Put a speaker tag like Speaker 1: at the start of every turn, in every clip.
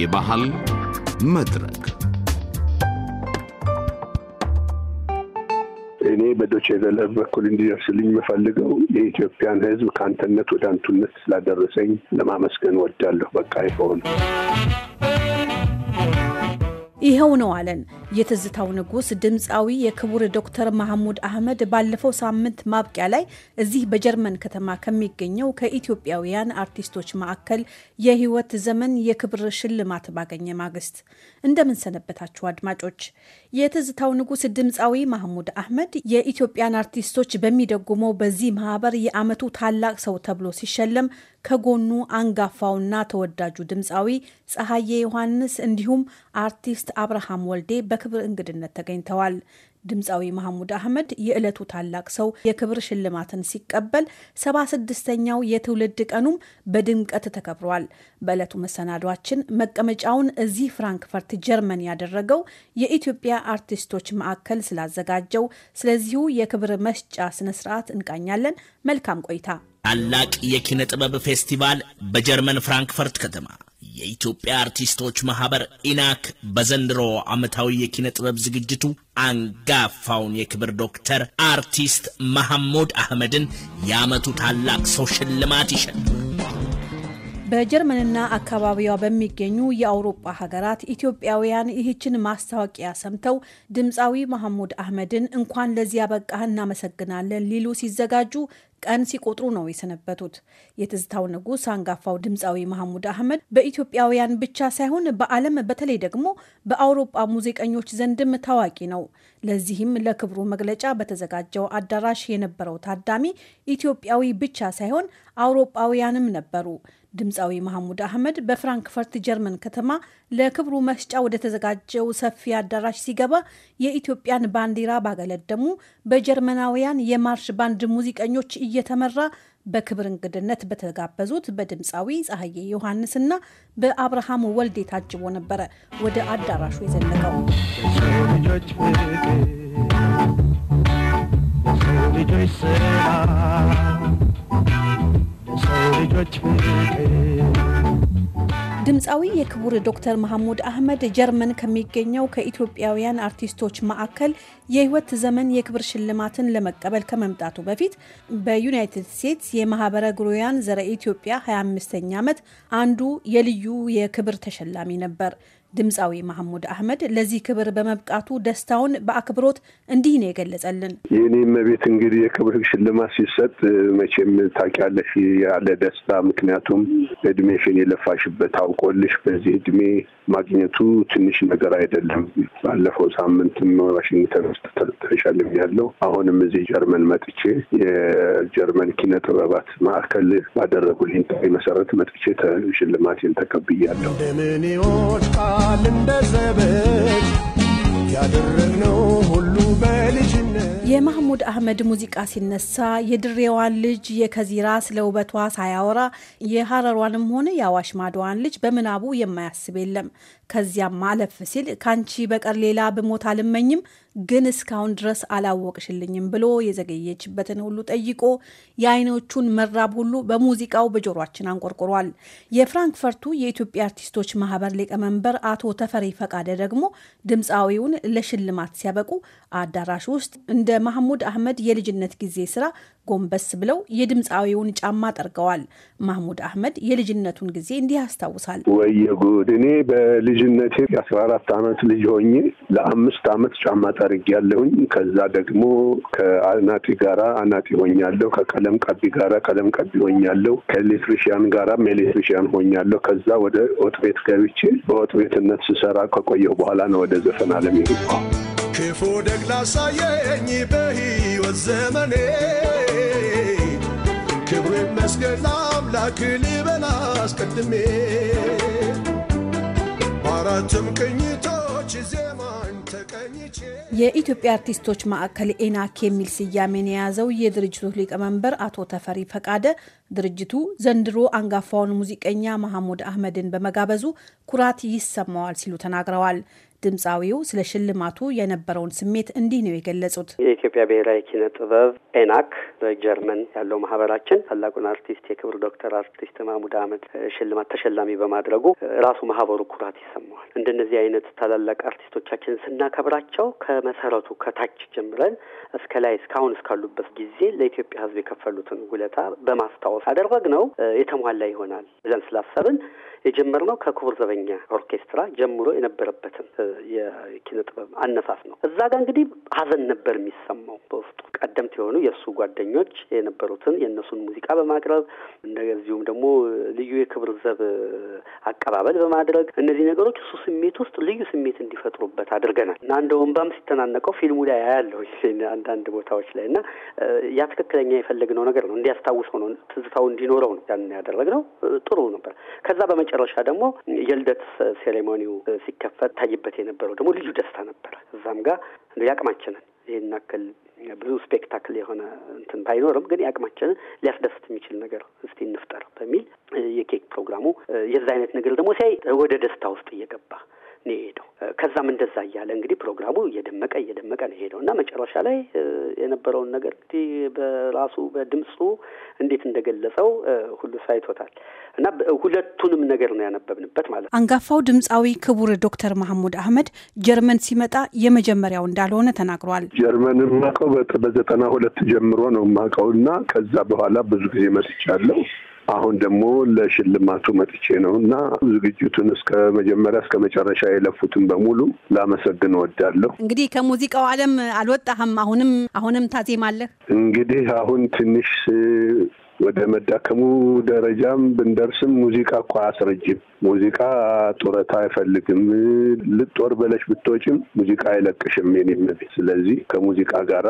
Speaker 1: የባህል መድረክ
Speaker 2: እኔ በዶቼ ቬለ በኩል እንዲደርስልኝ የምፈልገው የኢትዮጵያን ሕዝብ ከአንተነት ወደ አንቱነት ስላደረሰኝ ለማመስገን ወዳለሁ። በቃ ይሆን
Speaker 3: ይኸው ነው አለን። የትዝታው ንጉስ ድምፃዊ የክቡር ዶክተር ማህሙድ አህመድ ባለፈው ሳምንት ማብቂያ ላይ እዚህ በጀርመን ከተማ ከሚገኘው ከኢትዮጵያውያን አርቲስቶች ማዕከል የህይወት ዘመን የክብር ሽልማት ባገኘ ማግስት እንደምን ሰነበታችሁ አድማጮች። የትዝታው ንጉስ ድምፃዊ ማህሙድ አህመድ የኢትዮጵያን አርቲስቶች በሚደጉመው በዚህ ማህበር የአመቱ ታላቅ ሰው ተብሎ ሲሸለም ከጎኑ አንጋፋውና ተወዳጁ ድምፃዊ ፀሐዬ ዮሐንስ እንዲሁም አርቲስት አብርሃም ወልዴ በክብር እንግድነት ተገኝተዋል። ድምፃዊ መሐሙድ አህመድ የዕለቱ ታላቅ ሰው የክብር ሽልማትን ሲቀበል ሰባ ስድስተኛው የትውልድ ቀኑም በድምቀት ተከብሯል። በዕለቱ መሰናዷችን መቀመጫውን እዚህ ፍራንክፈርት ጀርመን ያደረገው የኢትዮጵያ አርቲስቶች ማዕከል ስላዘጋጀው ስለዚሁ የክብር መስጫ ስነስርዓት እንቃኛለን። መልካም ቆይታ።
Speaker 1: ታላቅ የኪነ ጥበብ ፌስቲቫል በጀርመን ፍራንክፈርት ከተማ የኢትዮጵያ አርቲስቶች ማህበር ኢናክ በዘንድሮ ዓመታዊ የኪነ ጥበብ ዝግጅቱ አንጋፋውን የክብር ዶክተር አርቲስት መሐሙድ አህመድን የዓመቱ ታላቅ ሰው ሽልማት ይሸልማል።
Speaker 3: በጀርመንና አካባቢዋ በሚገኙ የአውሮጳ ሀገራት ኢትዮጵያውያን ይህችን ማስታወቂያ ሰምተው ድምፃዊ መሐሙድ አህመድን እንኳን ለዚህ አበቃህ እናመሰግናለን ሊሉ ሲዘጋጁ ቀን ሲቆጥሩ ነው የሰነበቱት። የትዝታው ንጉሥ አንጋፋው ድምፃዊ መሐሙድ አህመድ በኢትዮጵያውያን ብቻ ሳይሆን በዓለም በተለይ ደግሞ በአውሮፓ ሙዚቀኞች ዘንድም ታዋቂ ነው። ለዚህም ለክብሩ መግለጫ በተዘጋጀው አዳራሽ የነበረው ታዳሚ ኢትዮጵያዊ ብቻ ሳይሆን አውሮፓውያንም ነበሩ። ድምፃዊ መሐሙድ አህመድ በፍራንክፈርት ጀርመን ከተማ ለክብሩ መስጫ ወደ ተዘጋጀው ሰፊ አዳራሽ ሲገባ የኢትዮጵያን ባንዲራ ባገለደሙ በጀርመናውያን የማርሽ ባንድ ሙዚቀኞች እየተመራ በክብር እንግድነት በተጋበዙት በድምፃዊ ፀሐዬ ዮሐንስና በአብርሃም ወልዴ ታጅቦ ነበረ ወደ አዳራሹ የዘለቀው። ልጆች ድምፃዊ የክቡር ዶክተር መሐሙድ አህመድ ጀርመን ከሚገኘው ከኢትዮጵያውያን አርቲስቶች ማዕከል የህይወት ዘመን የክብር ሽልማትን ለመቀበል ከመምጣቱ በፊት በዩናይትድ ስቴትስ የማህበረ ጉሩያን ዘረ ኢትዮጵያ 25ኛ ዓመት አንዱ የልዩ የክብር ተሸላሚ ነበር። ድምፃዊ መሐሙድ አህመድ ለዚህ ክብር በመብቃቱ ደስታውን በአክብሮት እንዲህ ነው የገለጸልን።
Speaker 2: የኔ መቤት እንግዲህ የክብር ሽልማት ሲሰጥ መቼም ታውቂያለሽ ያለ ደስታ፣ ምክንያቱም እድሜሽን የለፋሽበት አውቆልሽ በዚህ እድሜ ማግኘቱ ትንሽ ነገር አይደለም። ባለፈው ሳምንትም ዋሽንግተን ውስጥ ተሸልም ያለው አሁንም እዚህ ጀርመን መጥቼ የጀርመን ኪነ ጥበባት ማዕከል ባደረጉልኝ መሰረት መጥቼ ሽልማቴን ተቀብያለሁ። ይሆናል እንደ ዘበት ያደረግነው ሁሉ በልጅነት።
Speaker 3: የማህሙድ አህመድ ሙዚቃ ሲነሳ የድሬዋን ልጅ የከዚራ ስለ ውበቷ ሳያወራ የሀረሯንም ሆነ የአዋሽ ማድዋን ልጅ በምናቡ የማያስብ የለም። ከዚያም አለፍ ሲል ከአንቺ በቀር ሌላ ብሞት አልመኝም፣ ግን እስካሁን ድረስ አላወቅሽልኝም ብሎ የዘገየችበትን ሁሉ ጠይቆ የአይኖቹን መራብ ሁሉ በሙዚቃው በጆሯችን አንቆርቁሯል። የፍራንክፈርቱ የኢትዮጵያ አርቲስቶች ማህበር ሊቀመንበር አቶ ተፈሪ ፈቃደ ደግሞ ድምፃዊውን ለሽልማት ሲያበቁ አዳራሽ ውስጥ እንደ ማህሙድ አህመድ የልጅነት ጊዜ ስራ ጎንበስ ብለው የድምፃዊውን ጫማ ጠርገዋል። ማህሙድ አህመድ የልጅነቱን ጊዜ እንዲህ ያስታውሳል።
Speaker 2: ወየ ጉድ እኔ በልጅ በልጅነቴ የአስራ አራት አመት ልጅ ሆኜ ለአምስት አመት ጫማ ጠርጌ ያለሁኝ ከዛ ደግሞ ከአናጢ ጋራ አናጢ ሆኛለሁ። ከቀለም ቀቢ ጋራ ቀለም ቀቢ ሆኛለሁ። ከኤሌክትሪሽያን ጋራም ኤሌክትሪሽያን ሆኛለሁ። ከዛ ወደ ወጥ ቤት ገብቼ በወጥ ቤትነት ስሰራ ከቆየሁ በኋላ ነው ወደ ዘፈን አለም የገባሁ። ክፉ ደግ ላሳየኝ በህይወት ዘመኔ ክብሩ ይመስገን አምላክ ልበል አስቀድሜ አራትም
Speaker 4: ቅኝቶች ዜማን ተቀኝቼ
Speaker 3: የኢትዮጵያ አርቲስቶች ማዕከል ኤናክ የሚል ስያሜን የያዘው የድርጅቱ ሊቀመንበር አቶ ተፈሪ ፈቃደ ድርጅቱ ዘንድሮ አንጋፋውን ሙዚቀኛ መሐሙድ አህመድን በመጋበዙ ኩራት ይሰማዋል ሲሉ ተናግረዋል። ድምፃዊው ስለ ሽልማቱ የነበረውን ስሜት እንዲህ ነው የገለጹት።
Speaker 5: የኢትዮጵያ ብሔራዊ ኪነ ጥበብ ኤናክ በጀርመን ያለው ማህበራችን ታላቁን አርቲስት የክብር ዶክተር አርቲስት ማሙድ አህመድ ሽልማት ተሸላሚ በማድረጉ ራሱ ማህበሩ ኩራት ይሰማዋል። እንደነዚህ አይነት ታላላቅ አርቲስቶቻችን ስናከብራቸው ከመሰረቱ ከታች ጀምረን እስከ ላይ እስካሁን እስካሉበት ጊዜ ለኢትዮጵያ ሕዝብ የከፈሉትን ውለታ በማስታወስ አደረግ ነው። የተሟላ ይሆናል ብለን ስላሰብን የጀመርነው ከክቡር ዘበኛ ኦርኬስትራ ጀምሮ የነበረበትን የኪነ ጥበብ አነሳስ ነው። እዛ ጋር እንግዲህ ሀዘን ነበር የሚሰማው በውስጡ ቀደምት የሆኑ የእሱ ጓደኞች የነበሩትን የእነሱን ሙዚቃ በማቅረብ እንደዚሁም ደግሞ ልዩ የክብር ዘብ አቀባበል በማድረግ እነዚህ ነገሮች እሱ ስሜት ውስጥ ልዩ ስሜት እንዲፈጥሩበት አድርገናል እና እንደ ወንባም ሲተናነቀው ፊልሙ ላይ ያለው አንዳንድ ቦታዎች ላይ እና ያ ትክክለኛ የፈለግነው ነገር ነው። እንዲያስታውሰው ነው፣ ትዝታው እንዲኖረው ነው ያንን ያደረግነው። ጥሩ ነበር። ከዛ በመጨረሻ ደግሞ የልደት ሴሬሞኒው ሲከፈት ታይበት የነበረው ደግሞ ልዩ ደስታ ነበረ። እዛም ጋር ያቅማችንን ይህን ያክል ብዙ ስፔክታክል የሆነ እንትን ባይኖርም ግን የአቅማችንን ሊያስደስት የሚችል ነገር እስቲ እንፍጠር በሚል የኬክ ፕሮግራሙ የዛ አይነት ነገር ደግሞ ሲያይ ወደ ደስታ ውስጥ እየገባ ነው የሄደው። ከዛም እንደዛ እያለ እንግዲህ ፕሮግራሙ እየደመቀ እየደመቀ ነው የሄደው እና መጨረሻ ላይ የነበረውን ነገር እንግዲህ በራሱ በድምፁ እንዴት እንደገለጸው ሁሉ ሳይቶታል እና ሁለቱንም ነገር ነው ያነበብንበት ማለት ነው።
Speaker 3: አንጋፋው ድምፃዊ ክቡር ዶክተር መሐሙድ አህመድ ጀርመን ሲመጣ የመጀመሪያው እንዳልሆነ ተናግሯል።
Speaker 2: ጀርመን ማቀው በዘጠና ሁለት ጀምሮ ነው ማቀው እና ከዛ በኋላ ብዙ ጊዜ መስቻለሁ። አሁን ደግሞ ለሽልማቱ መጥቼ ነው እና ዝግጅቱን እስከ መጀመሪያ እስከ መጨረሻ የለፉትን በሙሉ ላመሰግን ወዳለሁ
Speaker 3: እንግዲህ ከሙዚቃው ዓለም አልወጣህም፣ አሁንም አሁንም ታዜማለህ።
Speaker 2: እንግዲህ አሁን ትንሽ ወደ መዳከሙ ደረጃም ብንደርስም ሙዚቃ እኮ አስረጅም። ሙዚቃ ጡረታ አይፈልግም። ልጦር በለሽ ብትወጪም ሙዚቃ አይለቅሽም የኔም ቤት። ስለዚህ ከሙዚቃ ጋር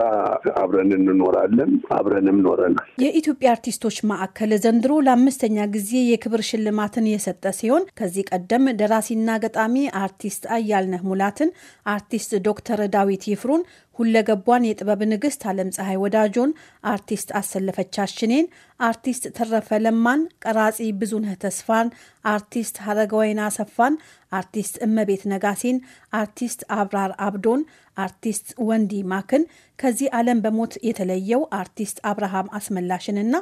Speaker 2: አብረን እንኖራለን፣ አብረንም ኖረናል።
Speaker 3: የኢትዮጵያ አርቲስቶች ማዕከል ዘንድሮ ለአምስተኛ ጊዜ የክብር ሽልማትን የሰጠ ሲሆን ከዚህ ቀደም ደራሲና ገጣሚ አርቲስት አያልነህ ሙላትን፣ አርቲስት ዶክተር ዳዊት ይፍሩን ሁለገቧን የጥበብ ንግሥት ዓለም ፀሐይ ወዳጆን፣ አርቲስት አሰለፈች አሽኔን፣ አርቲስት ተረፈ ለማን፣ ቀራጺ ብዙነህ ተስፋን፣ አርቲስት ሀረገወይን አሰፋን፣ አርቲስት እመቤት ነጋሴን፣ አርቲስት አብራር አብዶን፣ አርቲስት ወንዲ ማክን ከዚህ ዓለም በሞት የተለየው አርቲስት አብርሃም አስመላሽንና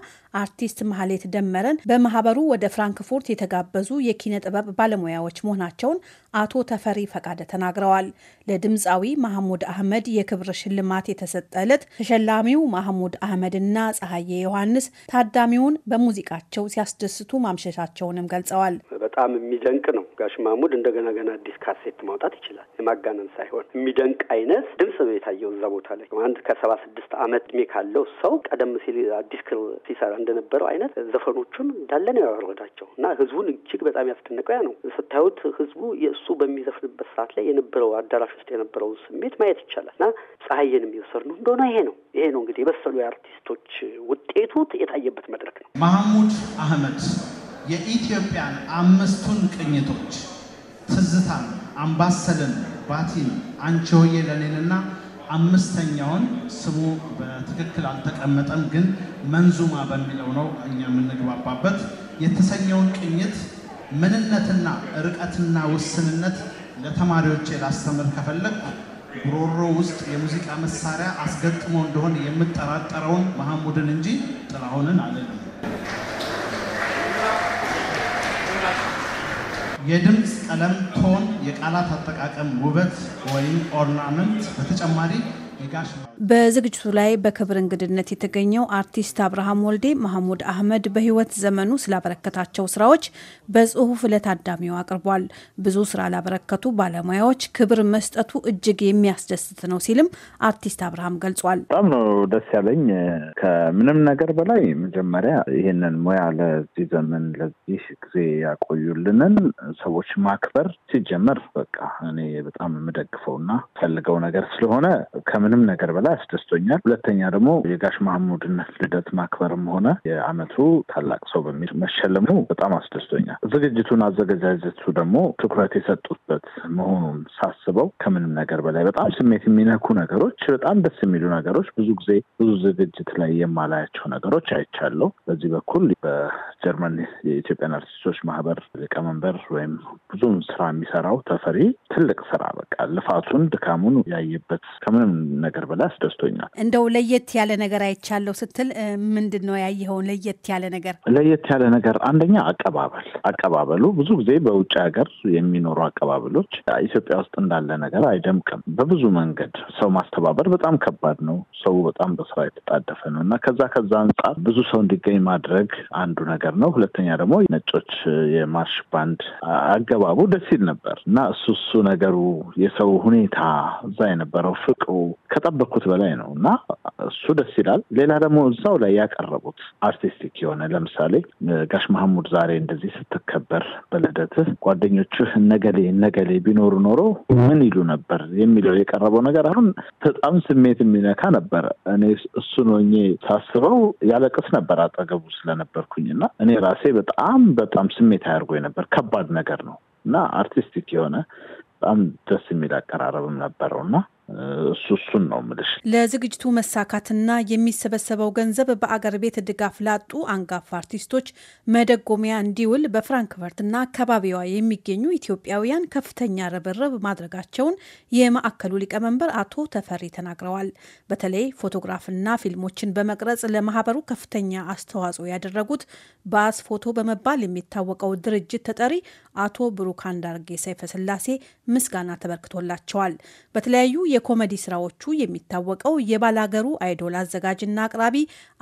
Speaker 3: አርቲስት ማህሌት ደመረን በማህበሩ ወደ ፍራንክፉርት የተጋበዙ የኪነ ጥበብ ባለሙያዎች መሆናቸውን አቶ ተፈሪ ፈቃደ ተናግረዋል። ለድምፃዊ ማህሙድ አህመድ የክብር ሽልማት የተሰጠለት ተሸላሚው ማህሙድ አህመድና ፀሐዬ ዮሐንስ ታዳሚውን በሙዚቃቸው ሲያስደስቱ ማምሸታቸውንም ገልጸዋል።
Speaker 5: በጣም የሚደንቅ ነው። ጋሽ ማሙድ እንደገና ገና አዲስ ካሴት ማውጣት ይችላል። የማጋነን ሳይሆን የሚደንቅ አይነት ድምጽ ነው የታየው እዛ ቦታ ላይ አንድ ከሰባ ስድስት ዓመት እድሜ ካለው ሰው ቀደም ሲል አዲስ ክር ሲሰራ እንደነበረው አይነት ዘፈኖቹን እንዳለ ነው ያወረዳቸው እና ህዝቡን እጅግ በጣም ያስደነቀው ያ ነው። ስታዩት ህዝቡ የእሱ በሚዘፍንበት ሰዓት ላይ የነበረው አዳራሽ ውስጥ የነበረውን ስሜት ማየት ይቻላል እና ፀሐይን የሚወሰድ ነው እንደሆነ ይሄ ነው ይሄ ነው እንግዲህ የበሰሉ የአርቲስቶች ውጤቱ የታየበት
Speaker 1: መድረክ ነው። መሐሙድ አህመድ የኢትዮጵያን አምስቱን ቅኝቶች ትዝታን፣ አምባሰልን፣ ባቲን፣ አንቺ ለኔንና አምስተኛውን ስሙ በትክክል አልተቀመጠም፣ ግን መንዙማ በሚለው ነው እኛ የምንግባባበት የተሰኘውን ቅኝት ምንነትና ርቀትና ውስንነት ለተማሪዎች ላስተምር ከፈለግ ጉሮሮ ውስጥ የሙዚቃ መሳሪያ አስገጥሞ እንደሆነ የምጠራጠረውን መሐሙድን እንጂ ጥላሁንን አለን። የድምፅ ቀለም፣ ቶን፣ የቃላት አጠቃቀም ውበት ወይም ኦርናመንት በተጨማሪ
Speaker 3: በዝግጅቱ ላይ በክብር እንግድነት የተገኘው አርቲስት አብርሃም ወልዴ መሐሙድ አህመድ በህይወት ዘመኑ ስላበረከታቸው ስራዎች በጽሁፍ ለታዳሚው አቅርቧል። ብዙ ስራ ላበረከቱ ባለሙያዎች ክብር መስጠቱ እጅግ የሚያስደስት ነው ሲልም አርቲስት አብርሃም ገልጿል። በጣም
Speaker 1: ነው ደስ ያለኝ። ከምንም ነገር በላይ መጀመሪያ ይህንን ሙያ ለዚህ ዘመን ለዚህ ጊዜ ያቆዩልንን ሰዎች ማክበር ሲጀመር በቃ እኔ በጣም የምደግፈውና ፈልገው ነገር ስለሆነ ከምንም ነገር በላይ አስደስቶኛል። ሁለተኛ ደግሞ የጋሽ ማህሙድን ልደት ማክበርም ሆነ የአመቱ ታላቅ ሰው በሚል መሸለሙ በጣም አስደስቶኛል። ዝግጅቱን አዘገጃጀቱ ደግሞ ትኩረት የሰጡበት መሆኑን ሳስበው ከምንም ነገር በላይ በጣም ስሜት የሚነኩ ነገሮች፣ በጣም ደስ የሚሉ ነገሮች ብዙ ጊዜ ብዙ ዝግጅት ላይ የማላያቸው ነገሮች አይቻለሁ። በዚህ በኩል በጀርመን የኢትዮጵያን አርቲስቶች ማህበር ሊቀመንበር ወይም ብዙውን ስራ የሚሰራው ተፈሪ ትልቅ ስራ በቃ ልፋቱን ድካሙን ያየበት ከምንም ነገር በላይ አስደስቶኛል።
Speaker 3: እንደው ለየት ያለ ነገር አይቻለሁ ስትል ምንድን ነው ያየኸውን? ለየት ያለ ነገር
Speaker 1: ለየት ያለ ነገር አንደኛ አቀባበል። አቀባበሉ ብዙ ጊዜ በውጭ ሀገር የሚኖሩ አቀባበሎች ኢትዮጵያ ውስጥ እንዳለ ነገር አይደምቅም። በብዙ መንገድ ሰው ማስተባበር በጣም ከባድ ነው። ሰው በጣም በስራ የተጣደፈ ነው እና ከዛ ከዛ አንጻር ብዙ ሰው እንዲገኝ ማድረግ አንዱ ነገር ነው። ሁለተኛ ደግሞ ነጮች የማርሽ ባንድ አገባቡ ደስ ይል ነበር እና እሱ እሱ ነገሩ የሰው ሁኔታ እዛ የነበረው ፍቅሩ ከጠበኩት በላይ ነው እና እሱ ደስ ይላል። ሌላ ደግሞ እዛው ላይ ያቀረቡት አርቲስቲክ የሆነ ለምሳሌ ጋሽ መሐሙድ ዛሬ እንደዚህ ስትከበር በልደትህ ጓደኞችህ ነገሌ ነገሌ ቢኖሩ ኖሮ ምን ይሉ ነበር የሚለው የቀረበው ነገር አሁን በጣም ስሜት የሚነካ ነበረ። እኔ እሱን ሆኜ ሳስበው ያለቅስ ነበር አጠገቡ ስለነበርኩኝ እና እኔ ራሴ በጣም በጣም ስሜት አያርጎኝ ነበር። ከባድ ነገር ነው እና አርቲስቲክ የሆነ በጣም ደስ የሚል አቀራረብም ነበረው እና እሱ እሱን ነው ምልሽ።
Speaker 3: ለዝግጅቱ መሳካትና የሚሰበሰበው ገንዘብ በአገር ቤት ድጋፍ ላጡ አንጋፋ አርቲስቶች መደጎሚያ እንዲውል በፍራንክፈርትና አካባቢዋ የሚገኙ ኢትዮጵያውያን ከፍተኛ ርብርብ ማድረጋቸውን የማዕከሉ ሊቀመንበር አቶ ተፈሪ ተናግረዋል። በተለይ ፎቶግራፍና ፊልሞችን በመቅረጽ ለማህበሩ ከፍተኛ አስተዋጽኦ ያደረጉት ባስ ፎቶ በመባል የሚታወቀው ድርጅት ተጠሪ አቶ ብሩክ አንዳርጌ ስላሴ ምስጋና ተበርክቶላቸዋል። በተለያዩ የኮሜዲ ስራዎቹ የሚታወቀው የባላገሩ አይዶል አዘጋጅና አቅራቢ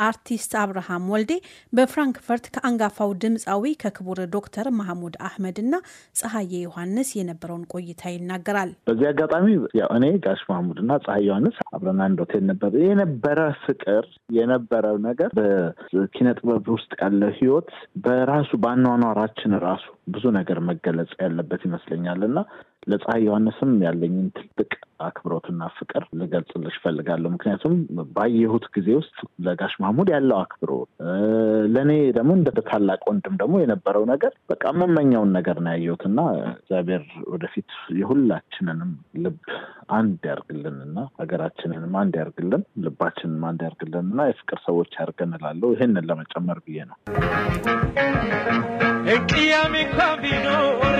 Speaker 3: አርቲስት አብርሃም ወልዴ በፍራንክፈርት ከአንጋፋው ድምፃዊ ከክቡር ዶክተር ማህሙድ አህመድ እና ፀሐዬ ዮሐንስ የነበረውን ቆይታ ይናገራል።
Speaker 1: በዚህ አጋጣሚ እኔ ጋሽ መሐሙድ እና ፀሐዬ ዮሐንስ አብረና አንድ ሆቴል ነበር። የነበረ ፍቅር የነበረው ነገር በኪነ ጥበብ ውስጥ ያለ ህይወት በራሱ በአኗኗራችን ራሱ ብዙ ነገር መገለጽ ያለበት ይመስለኛል እና ለፀሐይ ዮሐንስም ያለኝን ትልቅ አክብሮትና ፍቅር ልገልጽልሽ ፈልጋለሁ። ምክንያቱም ባየሁት ጊዜ ውስጥ ለጋሽ ማሙድ ያለው አክብሮ ለእኔ ደግሞ እንደ ታላቅ ወንድም ደግሞ የነበረው ነገር በቃ መመኛውን ነገር ነው ያየሁት እና እግዚአብሔር ወደፊት የሁላችንንም ልብ አንድ ያርግልን እና ሀገራችንንም አንድ ያርግልን፣ ልባችንንም አንድ ያርግልን እና የፍቅር ሰዎች ያርገን እላለሁ። ይህንን ለመጨመር ብዬ ነው።
Speaker 5: ቅያሜ እንኳ ቢኖር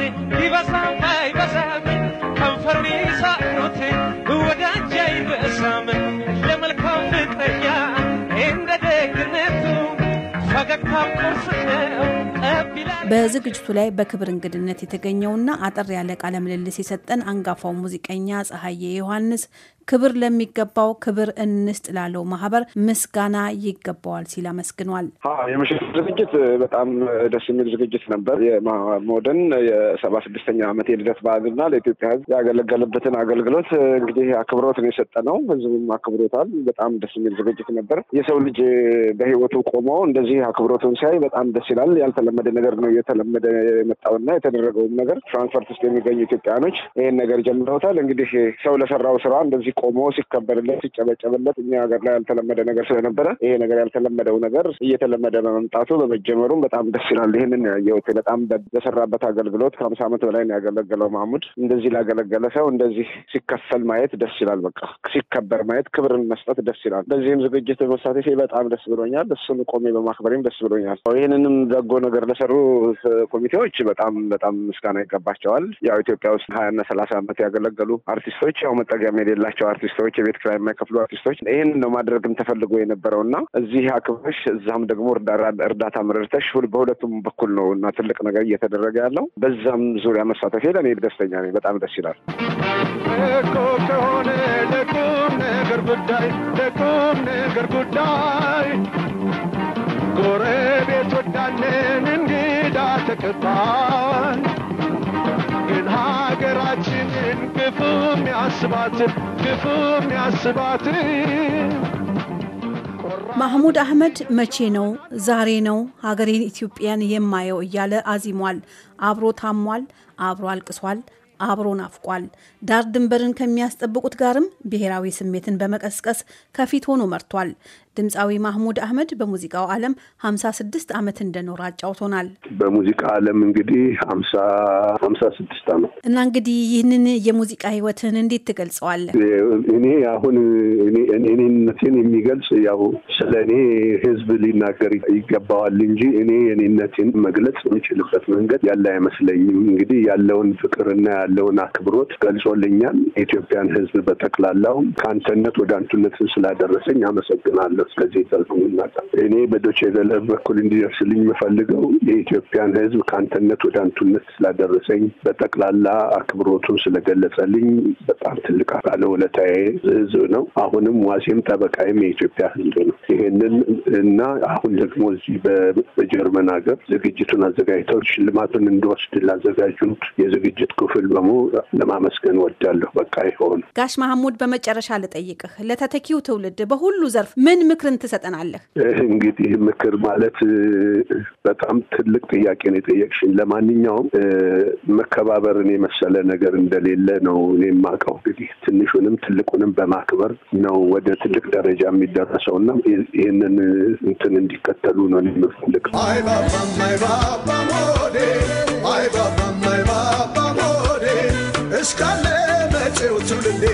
Speaker 3: በዝግጅቱ ላይ በክብር እንግድነት የተገኘውና አጠር ያለ ቃለ ምልልስ የሰጠን አንጋፋው ሙዚቀኛ ፀሐዬ ዮሐንስ ክብር ለሚገባው ክብር እንስጥ ላለው ማህበር ምስጋና ይገባዋል ሲል አመስግኗል።
Speaker 4: የምሽት ዝግጅት በጣም ደስ የሚል ዝግጅት ነበር። የሞደን የሰባ ስድስተኛ ዓመት የልደት በዓልና ለኢትዮጵያ ሕዝብ ያገለገለበትን አገልግሎት እንግዲህ አክብሮት ነው የሰጠ ነው። ሕዝብም አክብሮታል። በጣም ደስ የሚል ዝግጅት ነበር። የሰው ልጅ በህይወቱ ቆሞ እንደዚህ አክብሮቱን ሲያይ በጣም ደስ ይላል። ያልተለመደ ነገር ነው የተለመደ የመጣውና የተደረገውም ነገር ፍራንክፈርት ውስጥ የሚገኙ ኢትዮጵያኖች ይህን ነገር ጀምረውታል። እንግዲህ ሰው ለሰራው ስራ እንደዚህ ቆሞ ሲከበርለት ሲጨበጨብለት እኛ ሀገር ላይ ያልተለመደ ነገር ስለነበረ ይሄ ነገር ያልተለመደው ነገር እየተለመደ በመምጣቱ በመጀመሩም በጣም ደስ ይላል። ይህንን ያየሁት በጣም በሰራበት አገልግሎት ከሀምሳ ዓመት በላይ ነው ያገለገለው ማሙድ እንደዚህ ላገለገለ ሰው እንደዚህ ሲከፈል ማየት ደስ ይላል። በቃ ሲከበር ማየት ክብርን መስጠት ደስ ይላል። በዚህም ዝግጅት መሳተፌ በጣም ደስ ብሎኛል። እሱን ቆሜ በማክበሬም ደስ ብሎኛል። ይህንንም በጎ ነገር ለሰሩ ኮሚቴዎች በጣም በጣም ምስጋና ይገባቸዋል። ያው ኢትዮጵያ ውስጥ ሀያና ሰላሳ ዓመት ያገለገሉ አርቲስቶች ያው መጠገም የሌላቸው የምንላቸው አርቲስቶች፣ የቤት ክራይ የማይከፍሉ አርቲስቶች ይህን ነው ማድረግም ተፈልጎ የነበረው እና እዚህ አክብረሽ እዛም ደግሞ እርዳታ መረድተሽ በሁለቱም በኩል ነው እና ትልቅ ነገር እየተደረገ ያለው በዛም ዙሪያ መሳተፍ ሄለ ለእኔ ደስተኛ ነኝ። በጣም ደስ ይላል
Speaker 2: እኮ ከሆነ ለቁም ነገር ጉዳይ ለቁም ነገር ጉዳይ ጎረቤት ወዳንን እንግዳ ተቀባይ የሚያስባት ክፉ የሚያስባት
Speaker 3: ማህሙድ አህመድ መቼ ነው ዛሬ ነው ሀገሬን ኢትዮጵያን የማየው እያለ አዚሟል። አብሮ ታሟል፣ አብሮ አልቅሷል፣ አብሮ ናፍቋል። ዳር ድንበርን ከሚያስጠብቁት ጋርም ብሔራዊ ስሜትን በመቀስቀስ ከፊት ሆኖ መርቷል። ድምፃዊ ማህሙድ አህመድ በሙዚቃው ዓለም ሀምሳ ስድስት ዓመት እንደኖረ አጫውቶናል።
Speaker 2: በሙዚቃ ዓለም እንግዲህ ሀምሳ ሀምሳ ስድስት ዓመት
Speaker 3: እና እንግዲህ ይህንን የሙዚቃ ህይወትን እንዴት ትገልጸዋለህ?
Speaker 2: እኔ አሁን እኔነቴን የሚገልጽ ያው ስለ እኔ ህዝብ ሊናገር ይገባዋል እንጂ እኔ የኔነቴን መግለጽ የሚችልበት መንገድ ያለ አይመስለኝም። እንግዲህ ያለውን ፍቅርና ያለውን አክብሮት ገልጾልኛል። የኢትዮጵያን ህዝብ በጠቅላላው ከአንተነት ወደ አንቱነትን ስላደረሰኝ አመሰግናለሁ። ነው። ስለዚህ ጸልፍ ምናቀ እኔ በዶቼ ቬለ በኩል እንዲደርስልኝ የምፈልገው የኢትዮጵያን ሕዝብ ከአንተነት ወደ አንቱነት ስላደረሰኝ በጠቅላላ አክብሮቱን ስለገለጸልኝ በጣም ትልቅ ባለውለታዬ ሕዝብ ነው። አሁንም ዋሴም ጠበቃይም የኢትዮጵያ ሕዝብ ነው። ይሄንን እና አሁን ደግሞ እዚህ በጀርመን ሀገር ዝግጅቱን አዘጋጅተው ሽልማቱን እንድወስድ ላዘጋጁት የዝግጅት ክፍል በሙ ለማመስገን ወዳለሁ። በቃ ይሆን
Speaker 3: ጋሽ መሐሙድ በመጨረሻ ልጠይቅህ ለተተኪው ትውልድ በሁሉ ዘርፍ ምን ምክርን ትሰጠናለህ?
Speaker 2: እንግዲህ ምክር ማለት በጣም ትልቅ ጥያቄ ነው የጠየቅሽኝ። ለማንኛውም መከባበርን የመሰለ ነገር እንደሌለ ነው እኔ የማውቀው። እንግዲህ ትንሹንም ትልቁንም በማክበር ነው ወደ ትልቅ ደረጃ የሚደረሰው እና ይህንን እንትን እንዲከተሉ ነው የምፈልግ። እስካለ መጪው ትውልዴ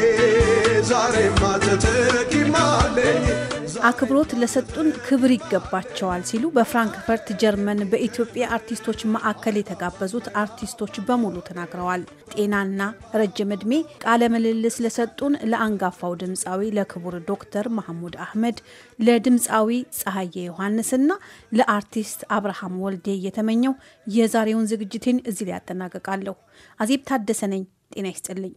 Speaker 3: አክብሮት ለሰጡን ክብር ይገባቸዋል ሲሉ በፍራንክፈርት ጀርመን በኢትዮጵያ አርቲስቶች ማዕከል የተጋበዙት አርቲስቶች በሙሉ ተናግረዋል። ጤናና ረጅም ዕድሜ ቃለ ምልልስ ለሰጡን ለአንጋፋው ድምፃዊ ለክቡር ዶክተር መሐሙድ አህመድ፣ ለድምፃዊ ፀሐዬ ዮሐንስና ለአርቲስት አብርሃም ወልዴ እየተመኘው የዛሬውን ዝግጅቴን እዚህ ላይ ያጠናቀቃለሁ። አዜብ ታደሰ ነኝ። ጤና ይስጥልኝ።